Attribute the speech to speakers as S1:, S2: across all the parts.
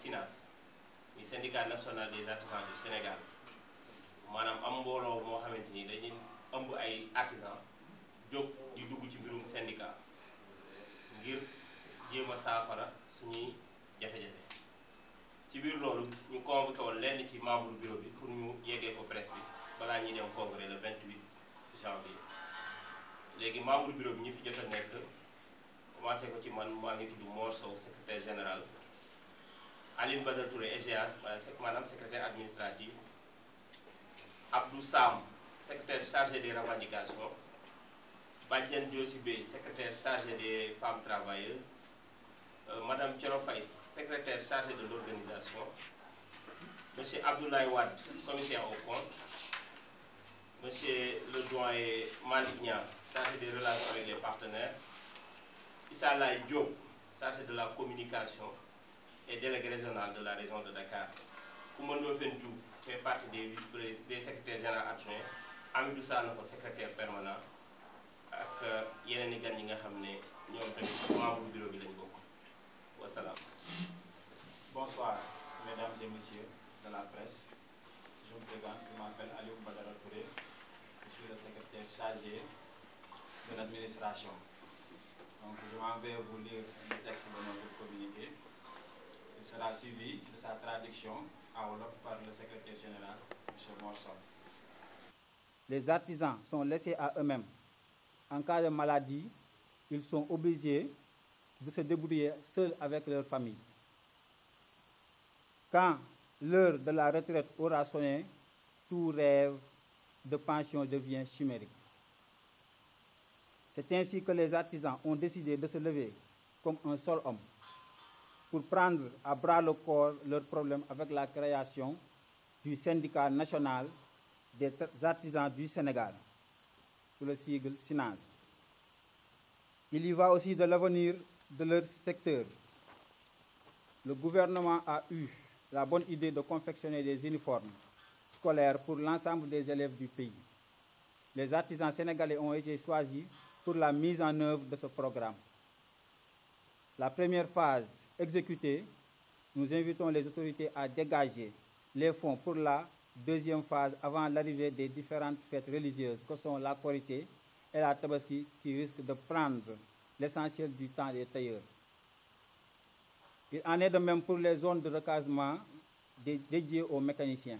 S1: SYNAS muy syndicat national des artisans du Sénégal maanaam am mbooloo moo xamante nii dañuy ëmb ay artisan jóg di dugg ci mbirum syndicat ngir jéem a saafara suñuy jafe-jafe ci biir loolu ñu convoqué woon lenn ci membre bureau bi pour ñu yeggee ko presse bi balaa ñuy dem congrès le 28 janvier léegi membre bureau ñu fi jot nekk commencé ko ci man maa ngi tudd Mor Sow secrétaire général Aline Badara EGAS euh, madame secrétaire administrative, Abdou Sam secrétaire chargé des revendications Badjan Diosibé secrétaire chargé des femmes travailleuses euh, Madame Thioro secrétaire chargée de l'organisation Monsieur Abdoulaye Wade commissaire au compte, Monsieur le doyen chargé des relations avec les partenaires Issa Lai Diop chargé de la communication et délégué régional de la région de Dakar. Koumando Fendou fait partie des, vice des secrétaires généraux adjoints, Amidou notre secrétaire permanent, ak euh, yeneen gan yi nga xam ne ñoom tamit bureau bi lañ bokk Bonsoir mesdames et messieurs de la presse.
S2: Je me présente, je m'appelle Aliou Badara Touré. Je suis le secrétaire chargé de l'administration. Donc je m'en vais vous lire le texte de notre communiqué sera suivi sa traduction par le secrétaire général, M. Morson. Les artisans sont laissés à eux-mêmes. En cas de maladie, ils sont obligés de se débrouiller seuls avec leur famille. Quand l'heure de la retraite aura sonné, tout rêve de pension devient chimérique. C'est ainsi que les artisans ont décidé de se lever comme un seul homme pour prendre à bras le corps leurs problèmes avec la création du syndicat national des artisans du Sénégal, sous le sigle SINAS. Il y va aussi de l'avenir de leur secteur. Le gouvernement a eu la bonne idée de confectionner des uniformes scolaires pour l'ensemble des élèves du pays. Les artisans sénégalais ont été choisis pour la mise en œuvre de ce programme. La première phase exécuté, nous invitons les autorités à dégager les fonds pour la deuxième phase avant l'arrivée des différentes fêtes religieuses que sont la Corité et la Tabaski qui risquent de prendre l'essentiel du temps des tailleurs. Il en est de même pour les zones de recasement dédiées aux mécaniciens.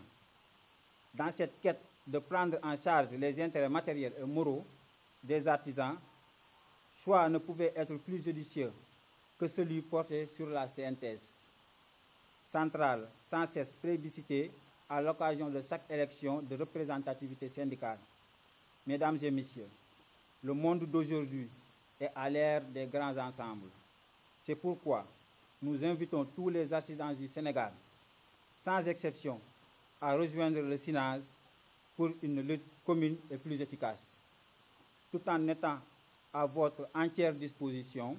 S2: Dans cette quête de prendre en charge les intérêts matériels et moraux des artisans, choix ne pouvait être plus judicieux que celui porté sur la CNTS, centrale sans cesse plébiscitée à l'occasion de chaque élection de représentativité syndicale. Mesdames et messieurs, le monde d'aujourd'hui est à l'ère des grands ensembles. C'est pourquoi nous invitons tous les assidents du Sénégal, sans exception, à rejoindre le SINAS pour une lutte commune et plus efficace. Tout en étant à votre entière disposition,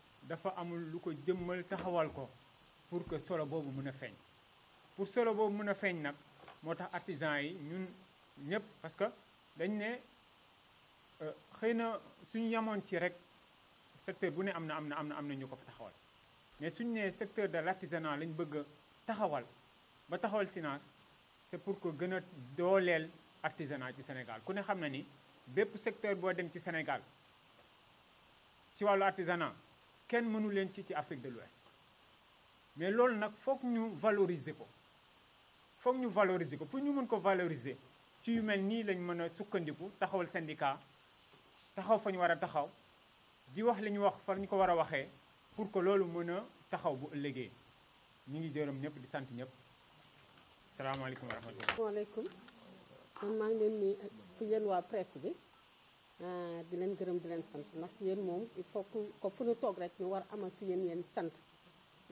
S3: dafa amul lu ko jëmmal taxawal ko pour que solo boobu mën a feeñ pour solo boobu mën a feeñ nag moo tax artisan yi ñun ñëpp parce que dañ ne euh, xëy na suñu yamoon ci rek secteur bu ne am na am na am na am na ñu ko fa taxawal mais suñu nee secteur de l'artisanat lañ bëgg taxawal ba taxawal SYNAS c'est pour que gën a dooleel artisanat ci Sénégal ku ne xam na ni bépp secteur boo dem ci Sénégal ci wàllu artisanat kenn mënu leen ci ci Afrique de l'Ouest mais loolu nag foog ñu valoriser ko foog ñu valoriser ko pour ñu mën ko valoriser ci yu mel nii lañ mën a sukkandiku taxawal syndicat taxaw fa ñu war a taxaw di wax li ñu wax fa ñu ko war a waxee pour que loolu mën a taxaw bu ëllëgee ñu ngi jërëm ñëpp di sant ñëpp salaamaaleykum wa rahmatulah.
S4: waaleykum man maa ngi leen nuyu ak yéen waa presse bi. Ah, di leen gërëm di leen sant ndax yéen moom il faut que ko fu tok rek ñu war amal ci yeen yeen sant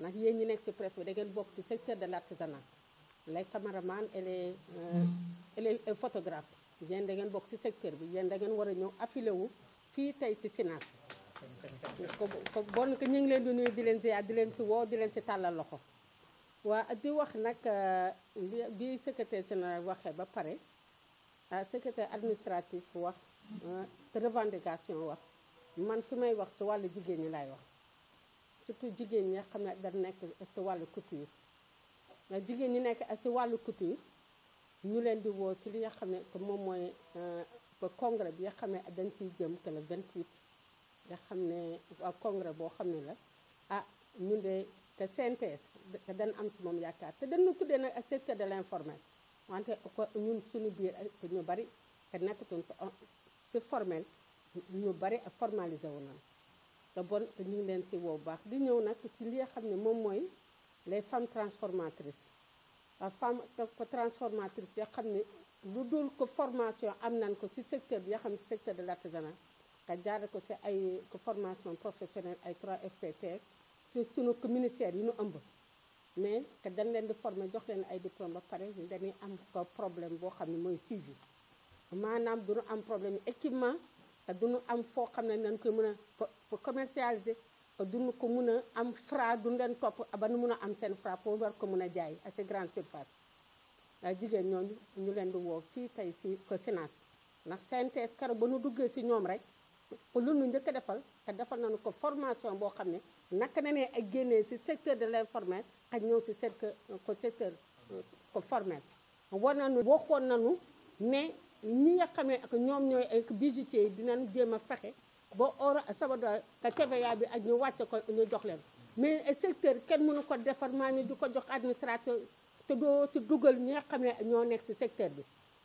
S4: nak yeen ñi nekk ci presse bi da ngeen bokk si secteur de l'artisanat artisanat les caméramans et les euh, et les euh, photographes yéen da ngeen bokk si secteur bi yeen da ngeen war a affilé wu fi tay ci SYNAS ko bon que ñu ngi leen di nuyu di leen ziar di leen ci wo di leen ci talal loxo wa di wax nak euh, bi secrétaire général waxee ba paré secrétaire administratif wax te revendication wax man su may wax si wàllu jigéen ñi laay wax surtout jigéen ñi nga xam ne da nekk si wàllu couture ndax jigéen ñi nekk si wàllu couture ñu leen di woo ci li nga xam ne que moom mooy euh, congrès bi nga xam ne dañ si jëm te le 28 nga xam ne congrès boo xam ne la ah ñun de te CNTS te dañ am si moom yaakaar te dañu tuddee nag secteur de l' informel wante ko ñun suñu biir ñu bari te nekkatuñ ci c'est formel nous bari formalisé wu nous ñu ngi ci Nous di les femmes transformatrices la femme transformatrice formation secteur secteur de l'artisanat nga jaare ko ci formation professionnelle ay 3FPT c'est ministère mais quand dañ leen di former jox ay des am problème qui maanaam du duñu am problème équipement te nu am foo xam ne nañ ko mën a commercialiser te duñu ko mun a am fra duñu leen topp ba nu mun a am seen fra pour war ko mun a jaay à ces grandes surfaces ndax jigéen ñooñu ñu leen di woo fii tey si ko SYNAS ndax synthèse ba nu duggee si ñoom rek lu nu njëkk a defal te defal nañu ko formation boo xam ne naka na ne ay génnee si secteur de l'informel ak ñëw si secteur ko secteur euh, ko formel war nañu waxoon nañu ne ñi nga xam ne ak ñoom ñooy ay bijoutier yi dinañ jéem a fexe ba or sabadol te TVA bi ak ñu wàcc ko ñu jox leen mais secteur kenn mënu ko defar maa ni di ko jox administrateur te doo ci dugal ñi nga xam ne ñoo nekk ci secteur bi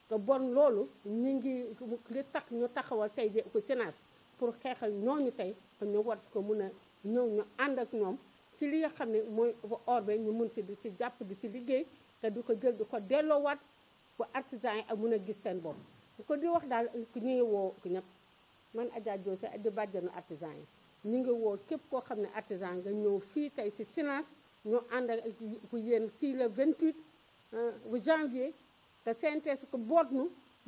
S4: te bon loolu ñu ngi li tax ñu taxawal tey ji ko pour xeexal ñooñu tey ñu war si ko mun a ñëw ñu ànd ak ñoom ci li nga xam ne mooy or bi ñu mun si di ci jàpp di si liggéey te di ko jël di ko delloowaat ba artisan yi mun a gis seen bopp ko di wax daal ku ñu ngi woo ñëpp man Adja Diose di bàjjanu artisan yi ñu ngi woo képp koo xam ne artisan nga ñëw fii tey si Senas ñu ànd ak ku yéen si le bu euh, janvier te CNTS ko boot nu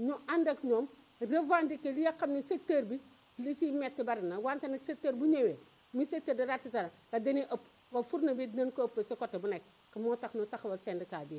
S4: ñu ànd ak ñoom revendiquer li nga xam ne secteur bi li si metti bari na wante ne secteur bu ñëwee mu secteur de l'artisanat te dañuy ëpp ba fourne bi dinañ ko ëpp si côté bu nekk moo tax ñu taxawal syndicat bi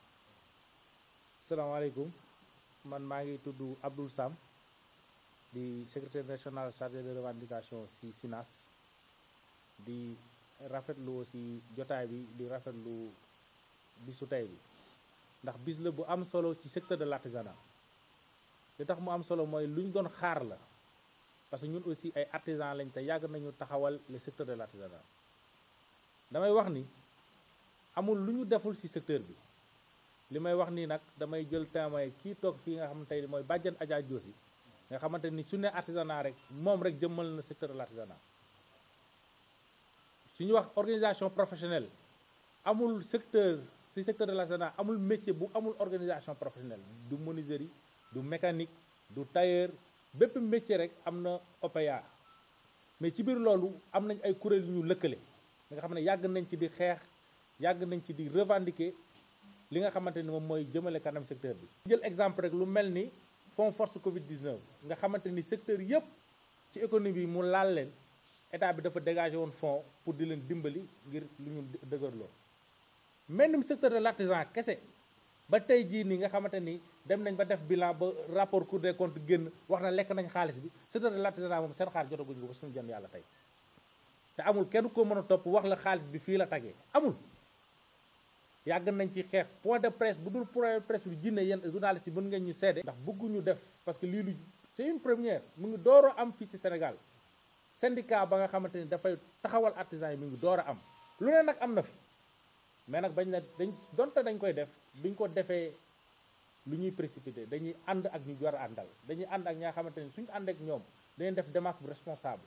S5: salaamaaleykum man maa ngi tuddu Abdoul Sam di secrétaire national chargé de revendication ci SYNAS di rafetlu aussi jotaay bi di rafet rafetlu bisu tey bi ndax bis la bu am solo ci secteur de l'artisanat li tax mu am solo mooy lu ñu doon xaar la parce que ñun aussi ay artisans lañ te yàgg nañu taxawal le secteur de l'artisanat damay wax ni amul lu ñu deful ci secteur bi li may wax nii nag damay jël témoin kii toog fii nga xam tey mooy bàjjan Adja Diosi nga xamante ni su ne artisanat rek moom rek jëmmal na secteur de l'artisanat su ñu wax organisation professionnelle amul secteur si secteur de l'artisanat amul métier bu amul organisation professionnelle du menuiserie du mécanique du tailleur bépp métier rek am na OPA mais ci biir loolu am nañ ay kuréel yu ñu lëkkale nga xam ne yàgg nañ ci di xeex yàgg nañ ci di revendiquer li nga xamante ni moom mooy jëmale kanam secteur bi. jël exemple rek lu mel ni fonds force Covid 19 nga xamante ni secteur yëpp ci économie mu laal leen état bi dafa dégagé woon fonds pour di leen dimbali ngir lu ñu dëgërloo. même secteur de l' artisan kese ba tey jii nii nga xamante ni dem nañ ba def bilan ba rapport cour des comptes génn wax na lekk nañ xaalis bi secteur de l' artisanat moom seen xaalis jotaguñ ko ba suñu jëm yàlla tey te amul kenn koo mën a topp wax la xaalis bi fii la tagee amul. yàgg nañ ci xeex point de presse bu dul point de presse bu jinne yéen journaliste yi mën ngeen ñu seede ndax bëgguñu def parce que lii lu c'est une première mu ngi door a am fii ci Sénégal syndicat ba nga xamante ni dafay taxawal artisans yi mu ngi door a am lu ne nag am na fi mais nag bañ la dañ donte dañ koy def duñ ko defee lu ñuy précipité dañuy ànd ak ñu war àndal dañuy ànd ak ñaa xamante ni suñu ànd ñoom dañuy def démarche bu responsable